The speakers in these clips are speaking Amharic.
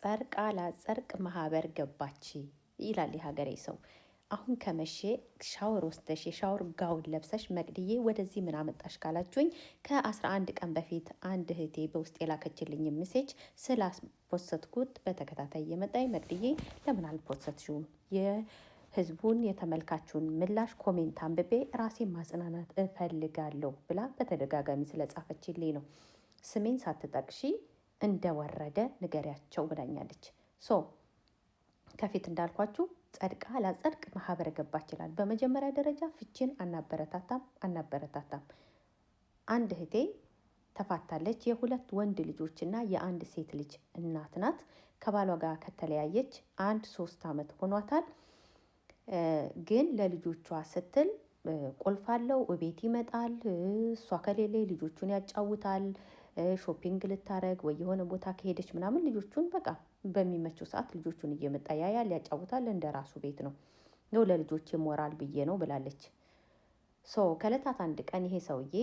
ጸርቅ አላ ጸርቅ ማህበር ገባች ይላል የሀገሬ ሰው። አሁን ከመሼ ሻወር ወስደሽ የሻወር ጋውን ለብሰሽ መቅድዬ ወደዚህ ምን አመጣሽ ካላችሁኝ ከ11 ቀን በፊት አንድ እህቴ በውስጥ የላከችልኝ ምሴች ስላፖሰትኩት በተከታታይ የመጣይ መቅድዬ ለምን አልፖሰትሽውም? የህዝቡን የተመልካቹን ምላሽ ኮሜንት አንብቤ ራሴን ማጽናናት እፈልጋለሁ ብላ በተደጋጋሚ ስለጻፈችልኝ ነው ስሜን ሳትጠቅሺ እንደወረደ ንገሪያቸው ብላኛለች። ሶ ከፊት እንዳልኳችሁ ጸድቃ አላጸድቅ ማህበረ ገባ ይችላል። በመጀመሪያ ደረጃ ፍቺን አናበረታታም አናበረታታም። አንድ እህቴ ተፋታለች። የሁለት ወንድ ልጆችና የአንድ ሴት ልጅ እናት ናት። ከባሏ ጋር ከተለያየች አንድ ሶስት ዓመት ሆኗታል። ግን ለልጆቿ ስትል ቁልፍ አለው። እቤት ይመጣል። እሷ ከሌለ ልጆቹን ያጫውታል። ሾፒንግ ልታረግ ወይ የሆነ ቦታ ከሄደች ምናምን ልጆቹን በቃ በሚመቸው ሰዓት ልጆቹን እየመጣ ያያል፣ ያጫውታል። እንደ ራሱ ቤት ነው። ነው ለልጆች ሞራል ብዬ ነው ብላለች። ሶ ከዕለታት አንድ ቀን ይሄ ሰውዬ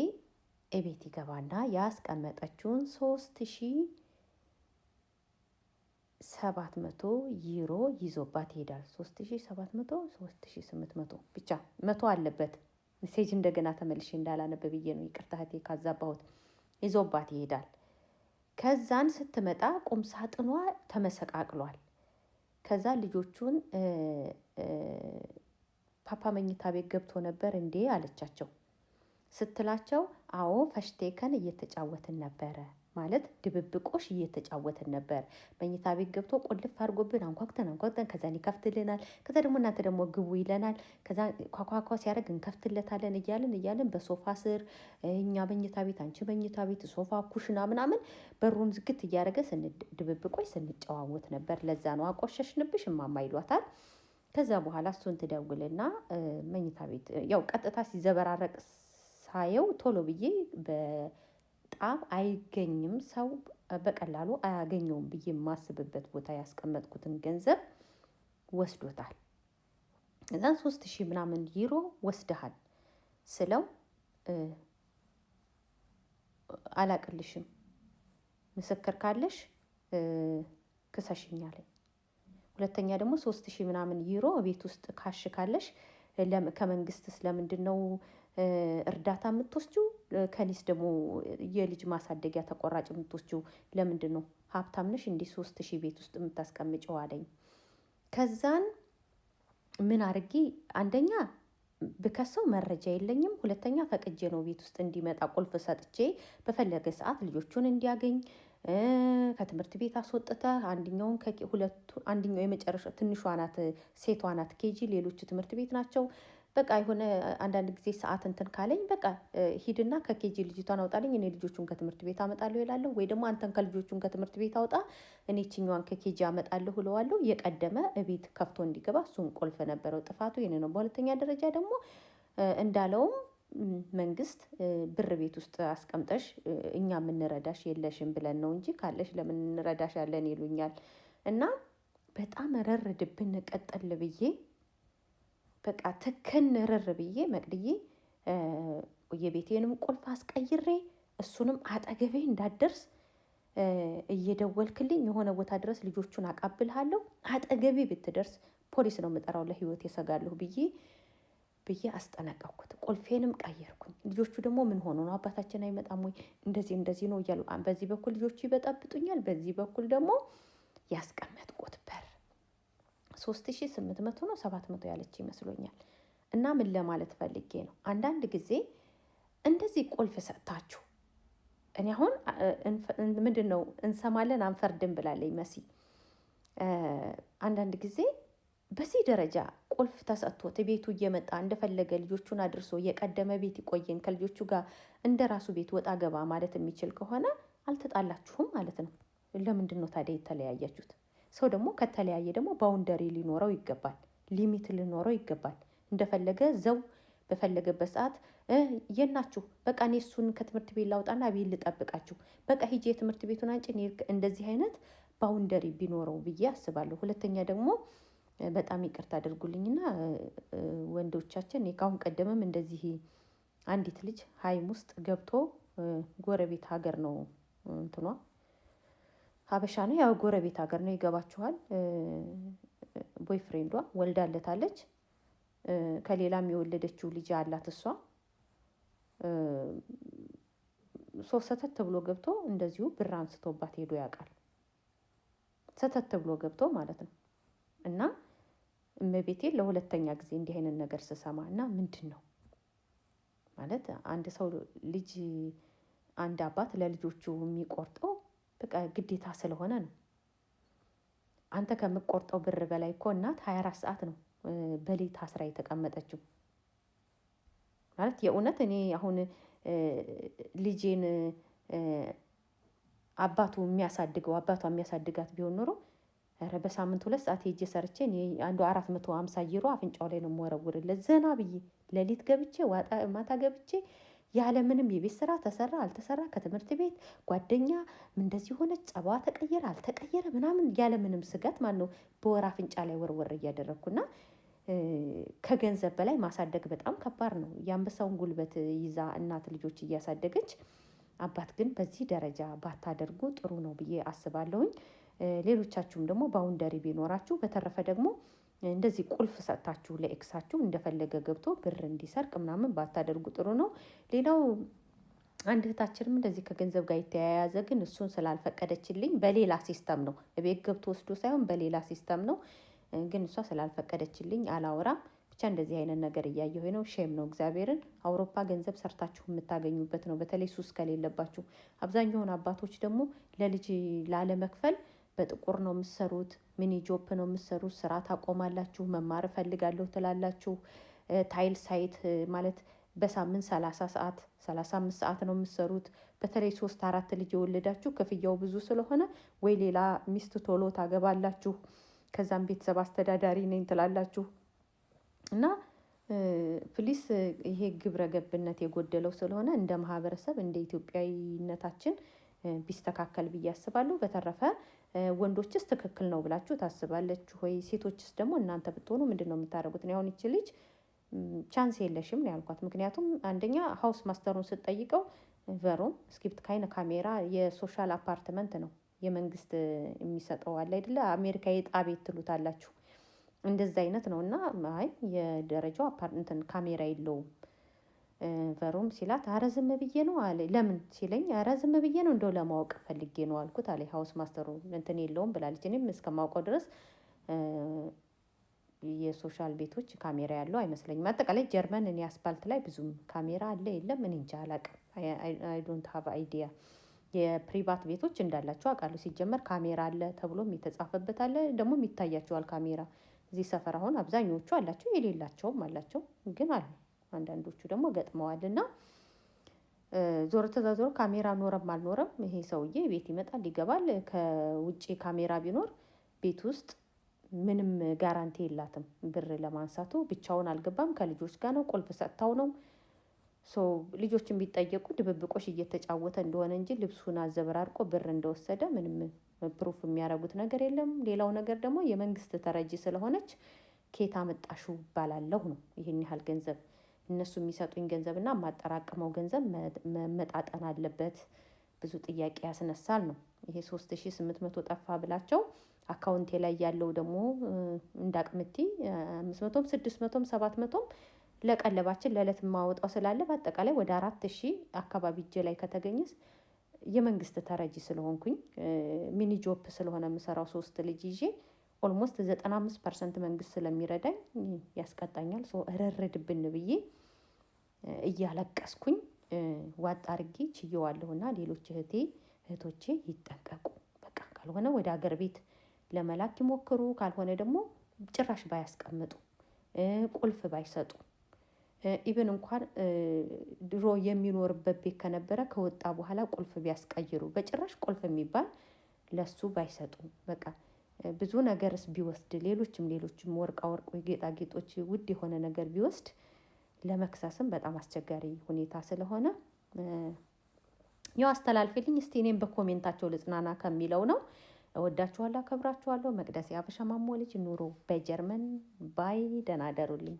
እቤት ይገባና ያስቀመጠችውን ሶስት ሺህ ሰባት መቶ ዩሮ ይዞባት ይሄዳል። ሶስት ሺ ሰባት መቶ ሶስት ሺ ስምንት መቶ ብቻ መቶ አለበት። ሜሴጅ እንደገና ተመልሼ እንዳላነበ ብዬ ነው ይቅርታ እህቴ ካዛባሁት። ይዞባት ይሄዳል። ከዛን ስትመጣ ቁም ሳጥኗ ተመሰቃቅሏል። ከዛ ልጆቹን ፓፓ መኝታ ቤት ገብቶ ነበር እንዴ አለቻቸው ስትላቸው አዎ ፈሽቴከን እየተጫወትን ነበረ ማለት ድብብቆሽ እየተጫወትን ነበር። መኝታ ቤት ገብቶ ቆልፍ አድርጎብን አንኳኩተን አንኳኩተን ከዛን ይከፍትልናል። ከዛ ደግሞ እናንተ ደግሞ ግቡ ይለናል። ከዛ ኳኳኳ ሲያደርግ እንከፍትለታለን እያልን እያልን በሶፋ ስር እኛ መኝታ ቤት፣ አንቺ መኝታ ቤት፣ ሶፋ፣ ኩሽና ምናምን በሩን ዝግት እያደረገ ድብብቆሽ ስንጨዋወት ነበር። ለዛ ነው አቆሸሽንብሽ እማማ ይሏታል። ከዛ በኋላ እሱን ትደውልና መኝታ ቤት ያው ቀጥታ ሲዘበራረቅ ሳየው ቶሎ ብዬ በጣም አይገኝም፣ ሰው በቀላሉ አያገኘውም ብዬ የማስብበት ቦታ ያስቀመጥኩትን ገንዘብ ወስዶታል። እዛን ሶስት ሺህ ምናምን ዩሮ ወስደሃል ስለው አላቅልሽም፣ ምስክር ካለሽ ክሰሽኝ ሁለተኛ ደግሞ ሶስት ሺህ ምናምን ዩሮ ቤት ውስጥ ካሽ ካለሽ ከመንግስት ስለምንድን ነው እርዳታ የምትወስጂው? ከኒስ ደግሞ የልጅ ማሳደጊያ ተቆራጭ የምትወስጂው ለምንድን ነው? ሀብታም ነሽ እንዲህ ሶስት ሺህ ቤት ውስጥ የምታስቀምጨው አለኝ። ከዛን ምን አድርጌ አንደኛ ብከሰው መረጃ የለኝም። ሁለተኛ ፈቅጄ ነው ቤት ውስጥ እንዲመጣ ቁልፍ ሰጥቼ በፈለገ ሰዓት ልጆቹን እንዲያገኝ ከትምህርት ቤት አስወጥተ አንድኛውን ሁለቱ አንድኛው የመጨረሻ ትንሿ ናት፣ ሴቷ ናት ኬጂ፣ ሌሎቹ ትምህርት ቤት ናቸው። በቃ የሆነ አንዳንድ ጊዜ ሰዓት እንትን ካለኝ በቃ ሂድና ከኬጂ ልጅቷን አውጣልኝ እኔ ልጆቹን ከትምህርት ቤት አመጣለሁ ይላለሁ። ወይ ደግሞ አንተን ከልጆቹን ከትምህርት ቤት አውጣ እኔ ችኛዋን ከኬጂ አመጣለሁ እለዋለሁ። የቀደመ እቤት ከፍቶ እንዲገባ እሱን ቁልፍ ነበረው ጥፋቱ ይህን ነው። በሁለተኛ ደረጃ ደግሞ እንዳለውም መንግስት ብር ቤት ውስጥ አስቀምጠሽ እኛ የምንረዳሽ የለሽም ብለን ነው እንጂ ካለሽ ለምን እንረዳሽ ያለን ይሉኛል። እና በጣም ረርድብን ቀጠል ብዬ በቃ ርር ብዬ መቅድዬ የቤቴንም ቁልፍ አስቀይሬ እሱንም አጠገቤ እንዳደርስ እየደወልክልኝ የሆነ ቦታ ድረስ ልጆቹን አቃብልሃለሁ አጠገቤ ብትደርስ ፖሊስ ነው የምጠራው፣ ለህይወት የሰጋለሁ ብዬ ብዬ አስጠነቀኩት። ቁልፌንም ቀየርኩኝ። ልጆቹ ደግሞ ምን ሆኖ ነው አባታችን አይመጣም ወይ እንደዚህ እንደዚህ ነው እያሉ በዚህ በኩል ልጆቹ ይበጣብጡኛል፣ በዚህ በኩል ደግሞ ያስቀመጡ 3800 ነው 700 ያለች ይመስሎኛል። እና ምን ለማለት ፈልጌ ነው፣ አንዳንድ ጊዜ እንደዚህ ቁልፍ ሰጥታችሁ እኔ አሁን ምንድን ነው እንሰማለን አንፈርድም ብላለኝ መሲ። አንዳንድ ጊዜ በዚህ ደረጃ ቁልፍ ተሰጥቶት ቤቱ እየመጣ እንደፈለገ ልጆቹን አድርሶ የቀደመ ቤት ይቆየን ከልጆቹ ጋር እንደ ራሱ ቤት ወጣ ገባ ማለት የሚችል ከሆነ አልተጣላችሁም ማለት ነው። ለምንድን ነው ታዲያ የተለያያችሁት? ሰው ደግሞ ከተለያየ ደግሞ ባውንደሪ ሊኖረው ይገባል፣ ሊሚት ሊኖረው ይገባል። እንደፈለገ ዘው በፈለገበት ሰዓት የናችሁ በቃ እኔ እሱን ከትምህርት ቤት ላውጣና ቤት ልጠብቃችሁ፣ በቃ ሂጂ የትምህርት ቤቱን አንጭ። እንደዚህ አይነት ባውንደሪ ቢኖረው ብዬ አስባለሁ። ሁለተኛ ደግሞ በጣም ይቅርታ አድርጉልኝና ወንዶቻችን ከአሁን ቀደምም እንደዚህ አንዲት ልጅ ሀይም ውስጥ ገብቶ ጎረቤት ሀገር ነው እንትኗ ሀበሻ ነው። ያው ጎረቤት ሀገር ነው፣ ይገባችኋል። ቦይፍሬንዷ ወልዳለታለች። ከሌላም የወለደችው ልጅ አላት እሷ ሶስት ሰተት ብሎ ገብቶ እንደዚሁ ብር አንስቶባት ሄዶ ያውቃል። ሰተት ብሎ ገብቶ ማለት ነው። እና እመቤቴ ለሁለተኛ ጊዜ እንዲህ አይነት ነገር ስሰማ እና ምንድን ነው ማለት አንድ ሰው ልጅ አንድ አባት ለልጆቹ የሚቆርጠው በቃ ግዴታ ስለሆነ ነው። አንተ ከምቆርጠው ብር በላይ እኮ እናት 24 ሰዓት ነው በሌት አስራ የተቀመጠችው ማለት የእውነት እኔ አሁን ልጄን አባቱ የሚያሳድገው አባቷ የሚያሳድጋት ቢሆን ኖሮ ኧረ በሳምንት ሁለት ሰዓት ሄጄ ሰርቼ አንዱ አራት መቶ ሀምሳ ይሮ አፍንጫው ላይ ነው የምወረውርለት ዘና ብዬ ሌሊት ገብቼ ዋጣ ማታ ገብቼ ያለምንም የቤት ስራ ተሰራ አልተሰራ፣ ከትምህርት ቤት ጓደኛ እንደዚህ ሆነች፣ ጸባ ተቀየረ አልተቀየረ ምናምን ያለምንም ስጋት ማን ነው በወር አፍንጫ ላይ ወርወር እያደረግኩና ከገንዘብ በላይ ማሳደግ በጣም ከባድ ነው። የአንበሳውን ጉልበት ይዛ እናት ልጆች እያሳደገች አባት ግን በዚህ ደረጃ ባታደርጉ ጥሩ ነው ብዬ አስባለሁኝ። ሌሎቻችሁም ደግሞ ባውንደሪ ቢኖራችሁ። በተረፈ ደግሞ እንደዚህ ቁልፍ ሰጥታችሁ ለኤክሳችሁ እንደፈለገ ገብቶ ብር እንዲሰርቅ ምናምን ባታደርጉ ጥሩ ነው። ሌላው አንድ እህታችንም እንደዚህ ከገንዘብ ጋር የተያያዘ ግን እሱን ስላልፈቀደችልኝ በሌላ ሲስተም ነው ቤት ገብቶ ወስዶ ሳይሆን በሌላ ሲስተም ነው። ግን እሷ ስላልፈቀደችልኝ አላወራም። ብቻ እንደዚህ አይነት ነገር እያየሁ ነው። ሼም ነው እግዚአብሔርን። አውሮፓ ገንዘብ ሰርታችሁ የምታገኙበት ነው፣ በተለይ ሱስ ከሌለባችሁ። አብዛኛውን አባቶች ደግሞ ለልጅ ላለመክፈል በጥቁር ነው የምትሰሩት፣ ሚኒ ጆፕ ነው የምትሰሩት፣ ስራ ታቆማላችሁ፣ መማር እፈልጋለሁ ትላላችሁ። ታይል ሳይት ማለት በሳምንት 30 ሰዓት 35 ሰዓት ነው የምትሰሩት። በተለይ ሶስት አራት ልጅ የወለዳችሁ ክፍያው ብዙ ስለሆነ ወይ ሌላ ሚስት ቶሎ ታገባላችሁ፣ ከዛም ቤተሰብ አስተዳዳሪ ነኝ ትላላችሁ እና ፕሊስ ይሄ ግብረ ገብነት የጎደለው ስለሆነ እንደ ማህበረሰብ እንደ ኢትዮጵያዊነታችን ቢስተካከል ብዬ አስባለሁ። በተረፈ ወንዶችስ ትክክል ነው ብላችሁ ታስባለች ወይ? ሴቶችስ ደግሞ እናንተ ብትሆኑ ምንድን ነው የምታደርጉት? ነው አሁን ይቺ ልጅ ቻንስ የለሽም ነው ያልኳት። ምክንያቱም አንደኛ ሀውስ ማስተሩን ስትጠይቀው ቨሮም ስክሪፕት ካይነ ካሜራ የሶሻል አፓርትመንት ነው የመንግስት የሚሰጠው አለ አይደለ? አሜሪካ የዕጣ ቤት ትሉታላችሁ እንደዛ አይነት ነው እና አይ የደረጃው ካሜራ የለውም ቨሮም ሲላት አረ ዝም ብዬ ነው አለ። ለምን ሲለኝ አረ ዝም ብዬ ነው እንደው ለማወቅ ፈልጌ ነው አልኩት አለ። ሀውስ ማስተሩ እንትን የለውም ብላለች። እኔም እስከማውቀው ድረስ የሶሻል ቤቶች ካሜራ ያለው አይመስለኝም። አጠቃላይ ጀርመን እኔ አስፓልት ላይ ብዙም ካሜራ አለ የለም እኔ እንጃ አላቅም። አይ ዶንት ሀቭ አይዲያ። የፕሪቫት ቤቶች እንዳላቸው አውቃለሁ። ሲጀመር ካሜራ አለ ተብሎም የተጻፈበት አለ ደግሞ ይታያቸዋል ካሜራ። እዚህ ሰፈር አሁን አብዛኞቹ አላቸው፣ የሌላቸውም አላቸው ግን አሉ። አንዳንዶቹ ደግሞ ገጥመዋል እና ዞሮ ተዛዞሮ ካሜራ ኖረም አልኖረም ይሄ ሰውዬ ቤት ይመጣል ይገባል። ከውጭ ካሜራ ቢኖር ቤት ውስጥ ምንም ጋራንቲ የላትም ብር ለማንሳቱ። ብቻውን አልገባም፣ ከልጆች ጋር ነው፣ ቁልፍ ሰጥታው ነው። ልጆችን ቢጠየቁ ድብብቆሽ እየተጫወተ እንደሆነ እንጂ ልብሱን አዘበራርቆ ብር እንደወሰደ ምንም ፕሩፍ የሚያደርጉት ነገር የለም። ሌላው ነገር ደግሞ የመንግስት ተረጂ ስለሆነች ኬታ መጣሹ ይባላለሁ ነው ይህን ያህል ገንዘብ እነሱ የሚሰጡኝ ገንዘብና የማጠራቅመው ገንዘብ መመጣጠን አለበት። ብዙ ጥያቄ ያስነሳል ነው ይሄ ሶስት ሺ ስምንት መቶ ጠፋ ብላቸው አካውንቴ ላይ ያለው ደግሞ እንዳቅምቲ አምስት መቶም ስድስት መቶም ሰባት መቶም ለቀለባችን ለዕለት የማወጣው ስላለ በአጠቃላይ ወደ አራት ሺህ አካባቢ እጄ ላይ ከተገኘስ የመንግስት ተረጂ ስለሆንኩኝ ሚኒ ጆፕ ስለሆነ የምሰራው ሶስት ልጅ ይዤ ኦልሞስት 95 ፐርሰንት መንግስት ስለሚረዳኝ ያስቀጣኛል። ሶ እረረድብን ብዬ እያለቀስኩኝ ዋጥ አርጌ ችየዋለሁና ሌሎች እህቴ እህቶቼ ይጠንቀቁ። በቃ ካልሆነ ወደ አገር ቤት ለመላክ ይሞክሩ፣ ካልሆነ ደግሞ ጭራሽ ባያስቀምጡ፣ ቁልፍ ባይሰጡ ኢቨን እንኳን ድሮ የሚኖርበት ቤት ከነበረ ከወጣ በኋላ ቁልፍ ቢያስቀይሩ፣ በጭራሽ ቁልፍ የሚባል ለሱ ባይሰጡ በቃ ብዙ ነገርስ ቢወስድ ሌሎችም ሌሎችም ወርቃ ጌጣጌጦች፣ ውድ የሆነ ነገር ቢወስድ ለመክሰስም በጣም አስቸጋሪ ሁኔታ ስለሆነ ያው አስተላልፊልኝ እስቲ እኔም በኮሜንታቸው ልጽናና ከሚለው ነው። እወዳችኋለሁ፣ አከብራችኋለሁ። መቅደስ የአበሻ ማሞ ልጅ ኑሮ በጀርመን ባይ። ደህና ደሩልኝ።